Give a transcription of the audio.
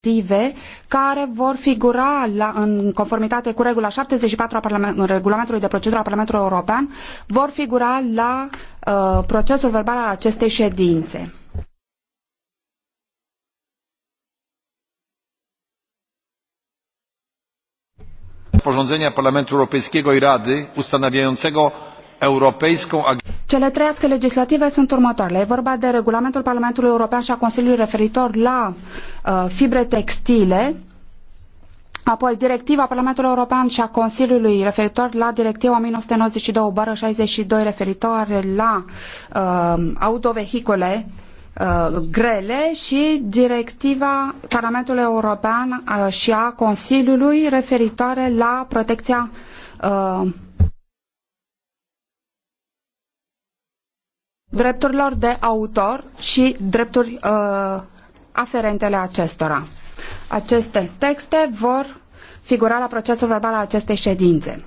directive care vor figura la, în conformitate cu regula 74 a Parlament, regulamentului de procedură a Parlamentului European, vor figura la uh, procesul verbal al acestei ședințe. Porządzenia Parlamentu Europejskiego i Rady ustanawiającego europejską Cele trei acte legislative sunt următoarele. E vorba de regulamentul Parlamentului European și a Consiliului referitor la Uh, fibre textile, Apoi, directiva Parlamentului European și a Consiliului referitor la directiva 1992-62 referitoare la uh, autovehicule uh, grele și directiva Parlamentului European uh, și a Consiliului referitoare la protecția uh, drepturilor de autor și drepturi uh, aferentele acestora. Aceste texte vor figura la procesul verbal al acestei ședințe.